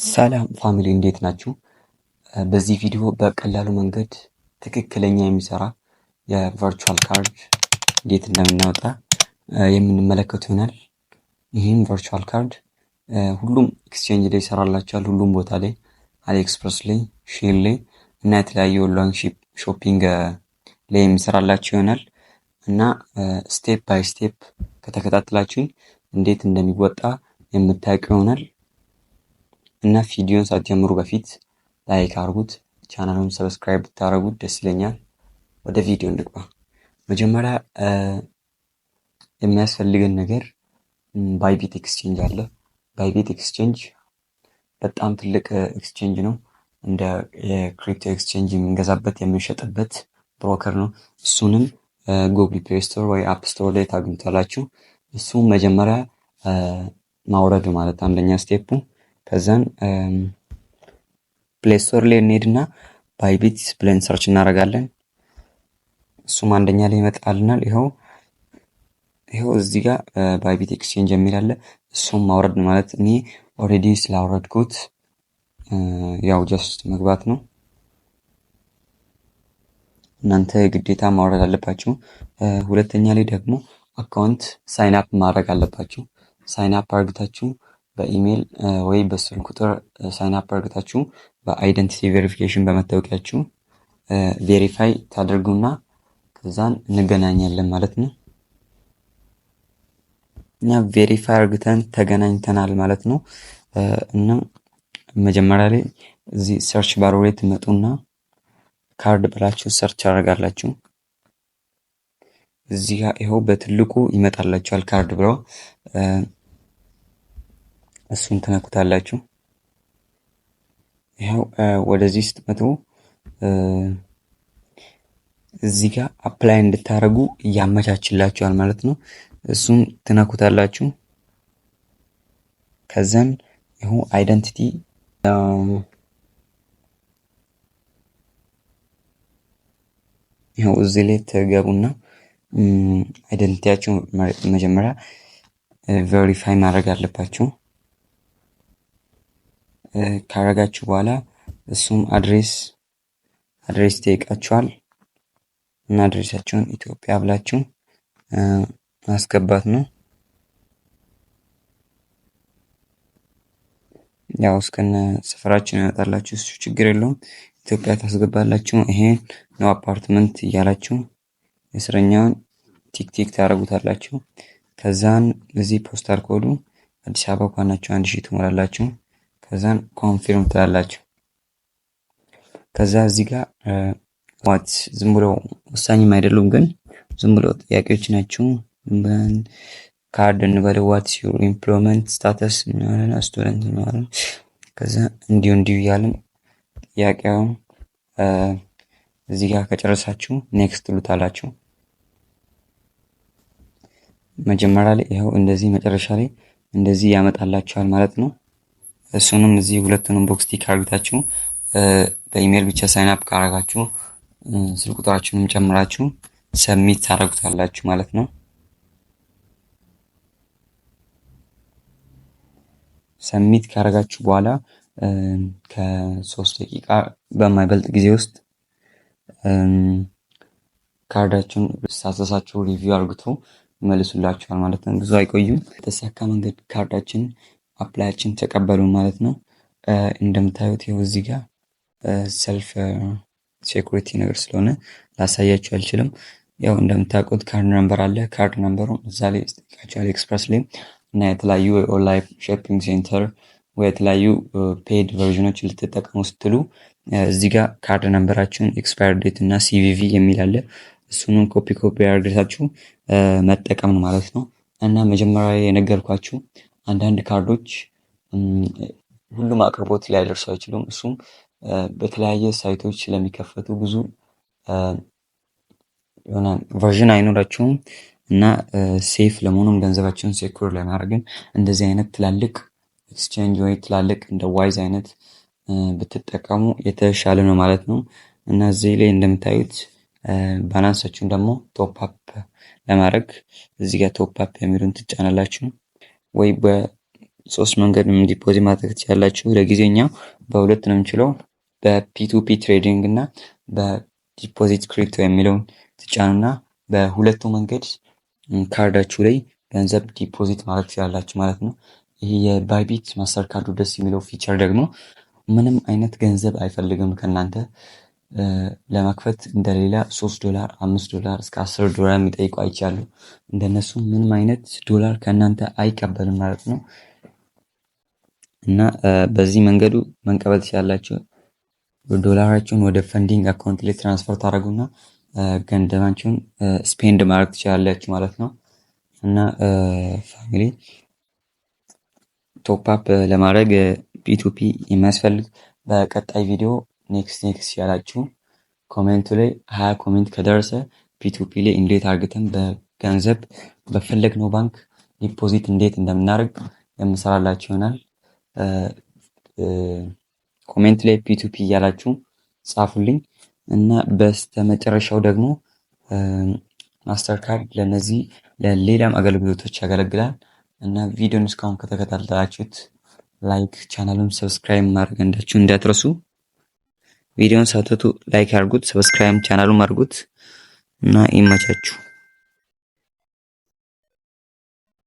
ሰላም ፋሚሊ እንዴት ናችሁ? በዚህ ቪዲዮ በቀላሉ መንገድ ትክክለኛ የሚሰራ የቨርቹዋል ካርድ እንዴት እንደምናወጣ የምንመለከቱ ይሆናል። ይህም ቨርቹዋል ካርድ ሁሉም ኤክስቼንጅ ላይ ይሰራላቸዋል። ሁሉም ቦታ ላይ አሊኤክስፕረስ ላይ፣ ሼል ላይ እና የተለያዩ ኦንላይን ሾፒንግ ላይ የሚሰራላቸው ይሆናል እና ስቴፕ ባይ ስቴፕ ከተከታተላችሁኝ እንዴት እንደሚወጣ የምታውቁ ይሆናል። እና ቪዲዮን ሳትጀምሩ በፊት ላይክ አድርጉት፣ ቻናሉን ሰብስክራይብ ብታደርጉት ደስ ይለኛል። ወደ ቪዲዮ እንግባ። መጀመሪያ የሚያስፈልገን ነገር ባይቢት ኤክስቼንጅ አለ። ባይቢት ኤክስቼንጅ በጣም ትልቅ ኤክስቼንጅ ነው። እንደ የክሪፕቶ ኤክስቼንጅ የምንገዛበት የምንሸጥበት ብሮከር ነው። እሱንም ጉግል ፕሌይ ስቶር ወይ አፕ ስቶር ላይ ታግኝታላችሁ። እሱ መጀመሪያ ማውረድ ማለት አንደኛ ስቴፑ ከዛን ፕሌይ ስቶር ላይ እንሄድና ባይቢት ብለን ሰርች እናደርጋለን። እሱም አንደኛ ላይ ይመጣልናል። ይኸው ይኸው እዚህ ጋር ባይቢት ኤክስቼንጅ የሚል አለ። እሱም ማውረድ ማለት እኔ ኦልሬዲ ስላውረድኩት ያው ጀስት መግባት ነው። እናንተ ግዴታ ማውረድ አለባችሁ። ሁለተኛ ላይ ደግሞ አካውንት ሳይን አፕ ማድረግ አለባችሁ። ሳይን አፕ አርግታችሁ በኢሜል ወይ በስልክ ቁጥር ሳይንፕ አድርገታችሁ በአይደንቲቲ ቬሪፊኬሽን በመታወቂያችሁ ቬሪፋይ ታደርጉና ከዛን እንገናኛለን ማለት ነው። እና ቬሪፋይ አርግተን ተገናኝተናል ማለት ነው። እና መጀመሪያ ላይ እዚህ ሰርች ባሮ ላይ ትመጡና ካርድ ብላችሁ ሰርች አደርጋላችሁ። እዚህ ይኸው በትልቁ ይመጣላችኋል ካርድ ብለው እሱን ትነኩታላችሁ። ይኸው ወደዚህ ስትመጡ እዚህ ጋር አፕላይ እንድታደርጉ እያመቻችላችኋል ማለት ነው። እሱን ትነኩታላችሁ። ከዛን ይኸው አይደንቲቲ ይኸው እዚህ ላይ ትገቡና አይደንቲቲያችሁ መጀመሪያ ቬሪፋይ ማድረግ አለባችሁ። ካረጋችሁ በኋላ እሱም አድሬስ አድሬስ ይጠይቃችኋል እና አድሬሳችሁን ኢትዮጵያ ብላችሁ ማስገባት ነው። ያው እስከነ ስፍራችን ያመጣላችሁ እሱ ችግር የለውም። ኢትዮጵያ ታስገባላችሁ። ይሄ ነው አፓርትመንት እያላችሁ የእስረኛውን ቲክቲክ ታደርጉታላችሁ። ከዛን እዚህ ፖስታል ኮዱ አዲስ አበባ ከሆናችሁ አንድ ሺህ ትሞላላችሁ። ከዛን ኮንፊርም ትላላችሁ። ከዛ እዚህ ጋር ዋት ዝም ብሎ ወሳኝም አይደሉም፣ ግን ዝም ብሎ ጥያቄዎች ናቸው። ካርድ እንበለው ዋት ዩር ኢምፕሎይመንት ስታተስ ምናምን ስቱደንት ምናምን ከዛ እንዲሁ እንዲሁ እያልን ጥያቄውን እዚህ ጋር ከጨረሳችሁ ኔክስት ትሉታላችሁ። መጀመሪያ ላይ ይኸው እንደዚህ መጨረሻ ላይ እንደዚህ ያመጣላችኋል ማለት ነው። እሱንም እዚህ ሁለቱንም ቦክስ ቲክ አድርጋችሁ በኢሜል ብቻ ሳይን አፕ ካረጋችሁ ስልክ ቁጥራችሁንም ጨምራችሁ ሰሚት ታደርጉታላችሁ ማለት ነው። ሰሚት ካረጋችሁ በኋላ ከሶስት ደቂቃ በማይበልጥ ጊዜ ውስጥ ካርዳችሁን ሳሰሳችሁ ሪቪው አድርግቶ መልሱላችኋል ማለት ነው። ብዙ አይቆዩም። የተሳካ መንገድ ካርዳችን አፕላያችን ተቀበሉ ማለት ነው። እንደምታዩት ይኸው እዚህ ጋር ሰልፍ ሴኩሪቲ ነገር ስለሆነ ላሳያችሁ አልችልም። ያው እንደምታውቁት ካርድ ነምበር አለ። ካርድ ነምበሩ እዛ ላይ ስጠቃቸው አሊኤክስፕረስ ላይ እና የተለያዩ የኦንላይን ሾፒንግ ሴንተር ወይ የተለያዩ ፔድ ቨርዥኖች ልትጠቀሙ ስትሉ እዚህ ጋር ካርድ ነምበራችሁን ኤክስፓየር ዴት እና ሲቪቪ የሚል አለ። እሱንም ኮፒ ኮፒ ያደርጋችሁ መጠቀም ነው ማለት ነው። እና መጀመሪያ የነገርኳችሁ አንዳንድ ካርዶች ሁሉም አቅርቦት ሊያደርሱ አይችሉም። እሱም በተለያየ ሳይቶች ስለሚከፈቱ ብዙ የሆነ ቨርዥን አይኖራቸውም እና ሴፍ ለመሆኑም ገንዘባቸውን ሴኩር ለማድረግም እንደዚህ አይነት ትላልቅ ኤክስቼንጅ ወይ ትላልቅ እንደ ዋይዝ አይነት ብትጠቀሙ የተሻለ ነው ማለት ነው እና እዚህ ላይ እንደምታዩት ባላንሳችሁን ደግሞ ቶፕ አፕ ለማድረግ እዚህ ጋር ቶፕ አፕ የሚሉን ትጫናላችሁ። ወይ በሶስት መንገድ ዲፖዚ ማድረግ ትችላላችሁ። ለጊዜኛ በሁለት ነው የምችለው። በፒቱፒ ትሬዲንግ እና በዲፖዚት ክሪፕቶ የሚለውን ትጫኑና በሁለቱ መንገድ ካርዳችሁ ላይ ገንዘብ ዲፖዚት ማድረግ ትችላላችሁ ማለት ነው። ይህ የባይቢት ማስተር ካርዱ ደስ የሚለው ፊቸር ደግሞ ምንም አይነት ገንዘብ አይፈልግም ከእናንተ ለመክፈት እንደሌላ ሶስት ዶላር አምስት ዶላር እስከ አስር ዶላር የሚጠይቁ አይቻሉ። እንደነሱ ምንም አይነት ዶላር ከእናንተ አይቀበልም ማለት ነው። እና በዚህ መንገዱ መንቀበል ትችላላችሁ። ዶላራችሁን ወደ ፈንዲንግ አካውንት ላይ ትራንስፈር ታደረጉና ገንዘባችሁን ስፔንድ ማድረግ ትችላላችሁ ማለት ነው። እና ፋሚሊ ቶፕ አፕ ለማድረግ ፒቱፒ የሚያስፈልግ በቀጣይ ቪዲዮ ኔክስት ኔክስት ያላችሁ ኮሜንቱ ላይ ሀያ ኮሜንት ከደረሰ ፒቱፒ ላይ እንዴት አርግተን በገንዘብ በፈለግነው ባንክ ዲፖዚት እንዴት እንደምናደርግ የምሰራላችሁ ይሆናል። ኮሜንት ላይ ፒቱፒ እያላችሁ ጻፉልኝ እና በስተመጨረሻው ደግሞ ማስተርካርድ ለነዚህ ለሌላም አገልግሎቶች ያገለግላል እና ቪዲዮን እስካሁን ከተከታተላችሁት ላይክ፣ ቻናሉን ሰብስክራይብ ማድረግ እንዳችሁ እንዳትረሱ። ቪዲዮን ሳትወጡ ላይክ አድርጉት፣ ሰብስክራይብ ቻናሉም አድርጉት እና ይመቻችሁ።